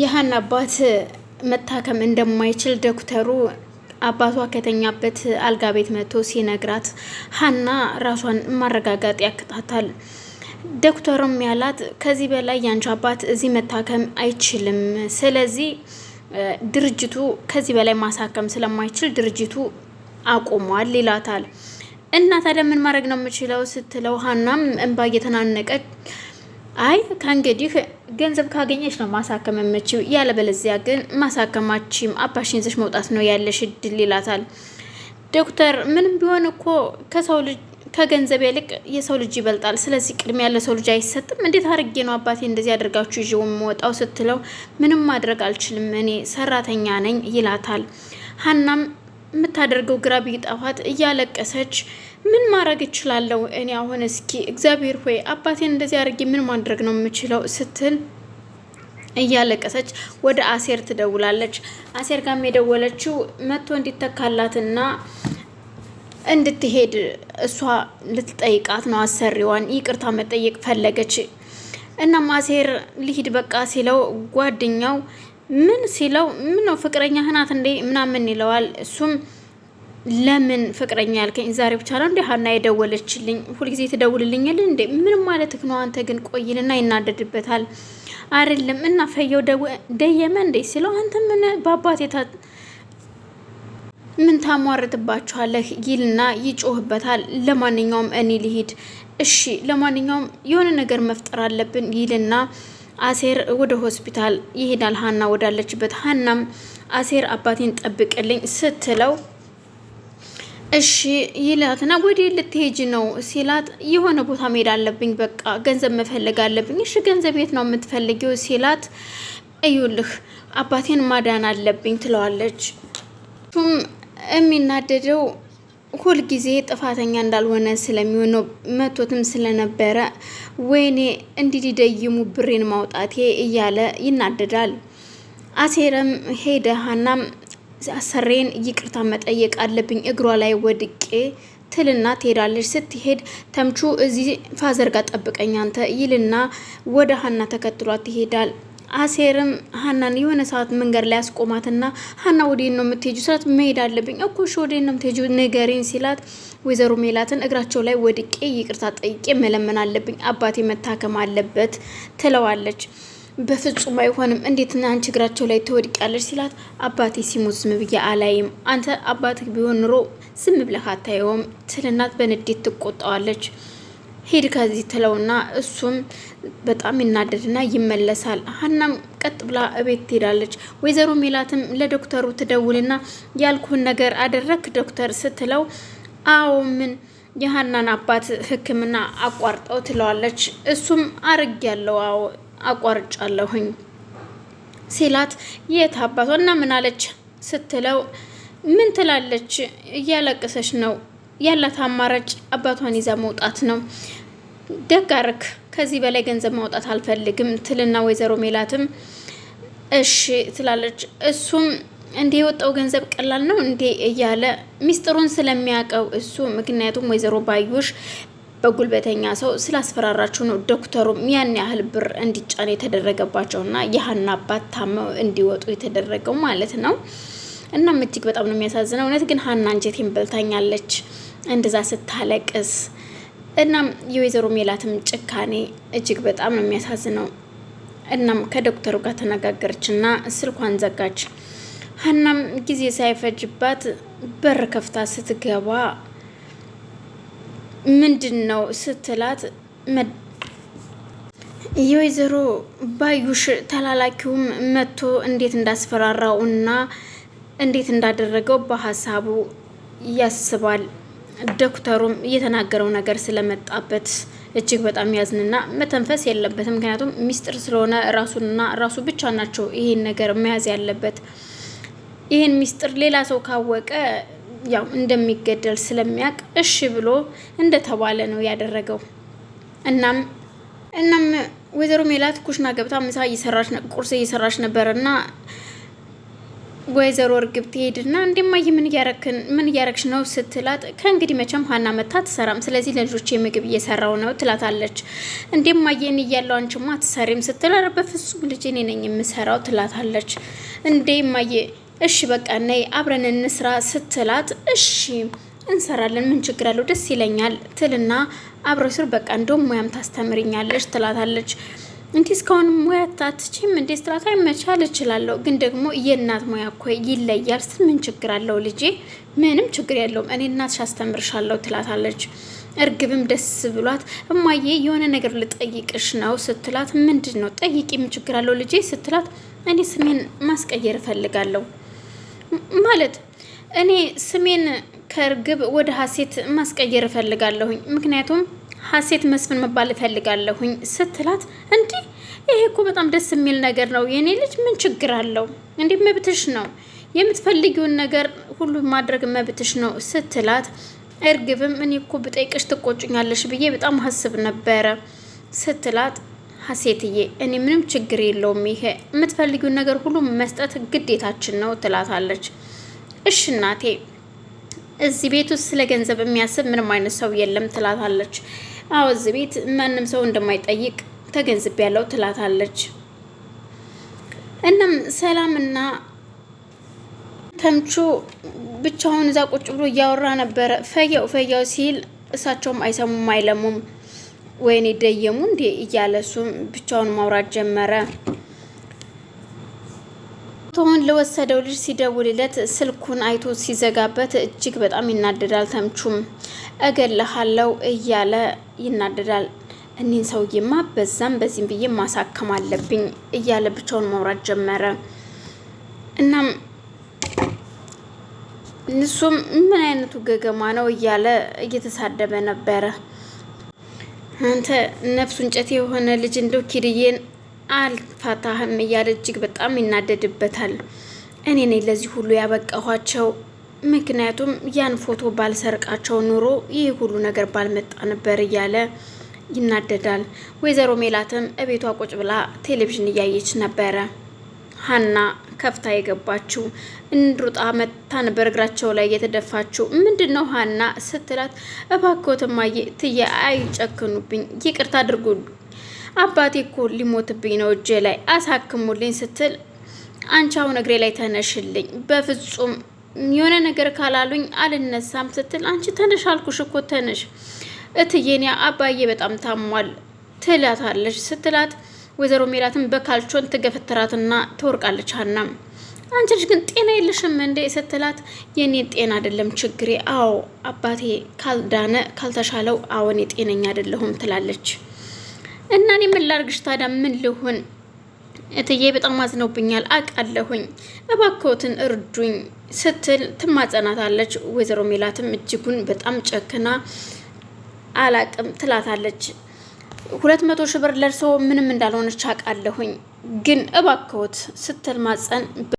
የሀና አባት መታከም እንደማይችል ዶክተሩ አባቷ ከተኛበት አልጋ ቤት መጥቶ ሲነግራት ሀና ራሷን ማረጋጋጥ ያቅታታል። ዶክተሩም ያላት ከዚህ በላይ ያንቺ አባት እዚህ መታከም አይችልም፣ ስለዚህ ድርጅቱ ከዚህ በላይ ማሳከም ስለማይችል ድርጅቱ አቁሟል ይላታል። እና ታዲያ ምን ማድረግ ነው የምችለው ስትለው ሀናም እንባ እየተናነቀ አይ ከእንግዲህ ገንዘብ ካገኘች ነው ማሳከም የምችው፣ ያለበለዚያ ግን ማሳከማችም አባሽን ይዘሽ መውጣት ነው ያለሽ እድል ይላታል። ዶክተር ምንም ቢሆን እኮ ከሰው ልጅ ከገንዘብ ይልቅ የሰው ልጅ ይበልጣል። ስለዚህ ቅድሚያ ለሰው ልጅ አይሰጥም። እንዴት አድርጌ ነው አባቴ እንደዚህ አድርጋችሁ ይዤው የምወጣው ስትለው ምንም ማድረግ አልችልም እኔ ሰራተኛ ነኝ ይላታል። ሀናም የምታደርገው ግራ ቢጠፋት እያለቀሰች ምን ማድረግ እችላለሁ እኔ አሁን? እስኪ እግዚአብሔር ሆይ አባቴን እንደዚህ አድርጌ ምን ማድረግ ነው የምችለው? ስትል እያለቀሰች ወደ አሴር ትደውላለች። አሴር ጋም የደወለችው መጥቶ እንዲተካላትና እንድትሄድ እሷ ልትጠይቃት ነው። አሰሪዋን ይቅርታ መጠየቅ ፈለገች። እናም አሴር ልሂድ በቃ ሲለው ጓደኛው ምን ሲለው ምን ነው ፍቅረኛ ህናት እንዴ ምናምን ይለዋል እሱም ለምን ፍቅረኛ ያልከኝ ዛሬ ብቻ ነው እንዴ ሀና የደወለችልኝ? ሁልጊዜ ትደውልልኛል እንዴ? ምንም ማለት ነው አንተ ግን ቆይልና ይናደድበታል። አይደለም እና ፈየው ደየመ እንዴ ሲለው አንተ ምን በአባቴ ምን ታሟርትባችኋለህ? ይልና ይጮህበታል። ለማንኛውም እኔ ልሂድ እሺ፣ ለማንኛውም የሆነ ነገር መፍጠር አለብን ይልና አሴር ወደ ሆስፒታል ይሄዳል፣ ሀና ወዳለችበት። ሀናም አሴር አባቴን ጠብቅልኝ ስትለው እሺ ይላትና ወዴ ልትሄጅ ነው ሲላት፣ የሆነ ቦታ መሄድ አለብኝ፣ በቃ ገንዘብ መፈለግ አለብኝ። እሺ ገንዘብ የት ነው የምትፈልጊው ሲላት፣ እዩልህ አባቴን ማዳን አለብኝ ትለዋለች። ቱም የሚናደደው ሁልጊዜ ጥፋተኛ እንዳልሆነ ስለሚሆን ነው። መቶትም ስለነበረ ወይኔ እንዲደይሙ ብሬን ማውጣቴ እያለ ይናደዳል። አሴረም ሄደ ሀናም አሰሬን ይቅርታ መጠየቅ አለብኝ እግሯ ላይ ወድቄ ትልና ትሄዳለች። ስትሄድ ተምቹ እዚህ ፋዘር ጋር ጠብቀኝ አንተ ይልና ወደ ሀና ተከትሏት ይሄዳል። አሴርም ሀናን የሆነ ሰዓት መንገድ ላይ አስቆማትና ሀና ወዴን ነው የምትሄጁ? ስላት መሄድ አለብኝ እኮ እሺ፣ ወዴት ነው የምትሄጁ ንገሪኝ ሲላት፣ ወይዘሮ ሜላትን እግራቸው ላይ ወድቄ ይቅርታ ጠይቄ መለመን አለብኝ አባቴ መታከም አለበት ትለዋለች። በፍጹም አይሆንም። እንዴት ና አንቺ እግራቸው ላይ ትወድቂያለሽ? ሲላት አባቴ ሲሞት ዝም ብዬ አላይም። አንተ አባትህ ቢሆን ኑሮ ዝም ብለህ አታየውም ትልናት በንዴት ትቆጣዋለች። ሄድ ከዚህ ትለውና እሱም በጣም ይናደድና ይመለሳል። ሀናም ቀጥ ብላ እቤት ትሄዳለች። ወይዘሮ ሜላትም ለዶክተሩ ትደውልና ያልኩህን ነገር አደረክ ዶክተር ስትለው አዎ ምን የሀናን አባት ሕክምና አቋርጠው ትለዋለች። እሱም አርግ ያለው አዎ አቋርጫለሁኝ ሲላት የት አባቷ እና ምን አለች ስትለው ምን ትላለች እያለቀሰች ነው ያላት አማራጭ አባቷን ይዛ መውጣት ነው ደጋርክ ከዚህ በላይ ገንዘብ ማውጣት አልፈልግም ትልና ወይዘሮ ሜላትም እሺ ትላለች እሱም እንዲህ የወጣው ገንዘብ ቀላል ነው እንዴ እያለ ሚስጥሩን ስለሚያውቀው እሱ ምክንያቱም ወይዘሮ ባዩሽ በጉልበተኛ ሰው ስላስፈራራችሁ ነው ዶክተሩም ያን ያህል ብር እንዲጫን የተደረገባቸውና የሀና አባት ታመው እንዲወጡ የተደረገው ማለት ነው። እናም እጅግ በጣም ነው የሚያሳዝነው። እውነት ግን ሀና አንጀቴን በልታኛለች እንደዛ ስታለቅስ። እናም የወይዘሮ ሜላትም ጭካኔ እጅግ በጣም ነው የሚያሳዝነው። እናም ከዶክተሩ ጋር ተነጋገረችና ስልኳን ዘጋች። ሀናም ጊዜ ሳይፈጅባት በር ከፍታ ስትገባ ምንድን ነው ስትላት የወይዘሮ ባዩሽ ተላላኪውም መጥቶ እንዴት እንዳስፈራራው እና እንዴት እንዳደረገው በሀሳቡ ያስባል። ዶክተሩም እየተናገረው ነገር ስለመጣበት እጅግ በጣም ያዝንና መተንፈስ የለበትም። ምክንያቱም ሚስጥር ስለሆነ ራሱንና ራሱ ብቻ ናቸው ይሄን ነገር መያዝ ያለበት። ይህን ሚስጥር ሌላ ሰው ካወቀ ያው እንደሚገደል ስለሚያውቅ እሺ ብሎ እንደተባለ ነው ያደረገው። እናም እናም ወይዘሮ ሜላት ኩሽና ገብታ ምሳ እየሰራች ቁርስ እየሰራች ነበር እና ወይዘሮ እርግብ ትሄድና እንደማየ ምን ምን እያረግሽ ነው ስትላት፣ ከእንግዲህ መቼም ሀና መታ አትሰራም፣ ስለዚህ ለልጆች የምግብ እየሰራው ነው ትላታለች። እንደማየ እኔ እያለሁ አንቺማ ትሰሪም ስትል፣ ኧረ በፍጹም ልጄ እኔ ነኝ የምሰራው ትላታለች። እንደማየ እሺ በቃ ነይ አብረን እንስራ ስትላት እሺ እንሰራለን ምን ችግር አለው ደስ ይለኛል ትልና አብረ ስር በቃ እንደውም ሙያም ታስተምርኛለች ትላታለች። እንዲህ እስካሁን ሙያ ታትችም እንዴ ስትላት መቻል እችላለሁ፣ ግን ደግሞ የእናት ሙያ እኮ ይለያል ስል ምን ችግር አለው ልጄ፣ ምንም ችግር የለውም እኔ እናትሽ አስተምርሻለሁ ትላታለች። እርግብም ደስ ብሏት እማዬ የሆነ ነገር ልጠይቅሽ ነው ስትላት ምንድን ነው ጠይቂ፣ ምን ችግር አለው ልጄ ስትላት እኔ ስሜን ማስቀየር እፈልጋለሁ ማለት እኔ ስሜን ከእርግብ ወደ ሀሴት ማስቀየር እፈልጋለሁኝ ምክንያቱም ሀሴት መስፍን መባል እፈልጋለሁኝ ስትላት፣ እንዲህ ይሄ እኮ በጣም ደስ የሚል ነገር ነው የእኔ ልጅ፣ ምን ችግር አለው? እንዲህ መብትሽ ነው፣ የምትፈልጊውን ነገር ሁሉ ማድረግ መብትሽ ነው ስትላት፣ እርግብም እኔ እኮ ብጠይቅሽ ትቆጭኛለሽ ብዬ በጣም ሀስብ ነበረ ስትላት ሀሴትዬ እኔ ምንም ችግር የለውም ይሄ የምትፈልጊውን ነገር ሁሉ መስጠት ግዴታችን ነው ትላታለች። እሽ እናቴ እዚህ ቤት ውስጥ ስለ ገንዘብ የሚያስብ ምንም አይነት ሰው የለም ትላታለች። አዎ እዚህ ቤት ማንም ሰው እንደማይጠይቅ ተገንዝብ ያለው ትላታለች። እናም ሰላምና ተምቹ ብቻውን እዛ ቁጭ ብሎ እያወራ ነበረ። ፈየው ፈየው ሲል እሳቸውም አይሰሙም አይለሙም። ወይኔ ደየሙ እንዴ እያለ እሱም ብቻውን ማውራት ጀመረ። ቶሆን ለወሰደው ልጅ ሲደውልለት ስልኩን አይቶ ሲዘጋበት እጅግ በጣም ይናደዳል። ተምቹም እገልሃለው እያለ ይናደዳል። እኒህን ሰውዬማ በዛም በዚህም ብዬ ማሳከም አለብኝ እያለ ብቻውን ማውራት ጀመረ። እናም እሱም ምን አይነቱ ገገማ ነው እያለ እየተሳደበ ነበረ። አንተ ነፍሱ እንጨት የሆነ ልጅ እንደው ኪድዬን አልፋታህም እያለ እጅግ በጣም ይናደድበታል። እኔ ነኝ ለዚህ ሁሉ ያበቃኋቸው፣ ምክንያቱም ያን ፎቶ ባልሰርቃቸው ኑሮ ይህ ሁሉ ነገር ባልመጣ ነበር እያለ ይናደዳል። ወይዘሮ ሜላትም እቤቷ ቁጭ ብላ ቴሌቪዥን እያየች ነበረ። ሀና ከፍታ የገባችው እንድሩጣ መታን በእግራቸው ላይ የተደፋችው ምንድን ነው ሀና ስትላት፣ እባክዎት እማዬ ትዬ አይጨክኑብኝ፣ ይቅርታ አድርጉ፣ አባቴ እኮ ሊሞትብኝ ነው እጄ ላይ አሳክሙልኝ ስትል፣ አንቺ አሁን እግሬ ላይ ተነሽልኝ፣ በፍጹም የሆነ ነገር ካላሉኝ አልነሳም ስትል፣ አንቺ ተነሽ አልኩሽ እኮ ተነሽ እትዬ፣ እኔ አባዬ በጣም ታሟል ትላታለች ስትላት ወይዘሮ ሜላትም በካልቾን ትገፈትራትና ትወርቃለች። ሀናም አንቺ ልጅ ግን ጤና የለሽም እንዴ ስትላት የኔን ጤና አይደለም ችግሬ፣ አዎ አባቴ ካልዳነ ካልተሻለው፣ አዎ እኔ ጤነኛ አይደለሁም ትላለች። እና እኔ ምን ላርግሽ ታዲያ ምን ልሁን? እትዬ በጣም አዝነውብኛል አቃለሁኝ፣ እባክዎትን እርዱኝ ስትል ትማጸናታለች። ወይዘሮ ሜላትም እጅጉን በጣም ጨክና አላቅም ትላታለች። ሁለት መቶ ሺህ ብር ለእርሶ ምንም እንዳልሆነች አውቃለሁኝ፣ ግን እባክዎት ስትል ማጸን